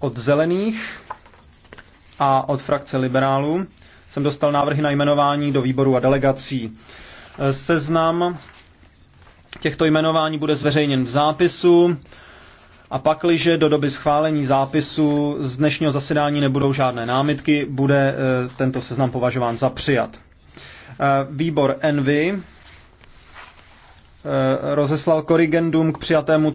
od zelených a od frakce liberálů jsem dostal návrhy na jmenování do výboru a delegací. Seznam těchto jmenování bude zveřejněn v zápisu a pakliže do doby schválení zápisu z dnešního zasedání nebudou žádné námitky, bude eh, tento seznam považován za přijat. Eh, výbor Envy eh, rozeslal korigendum k přijatému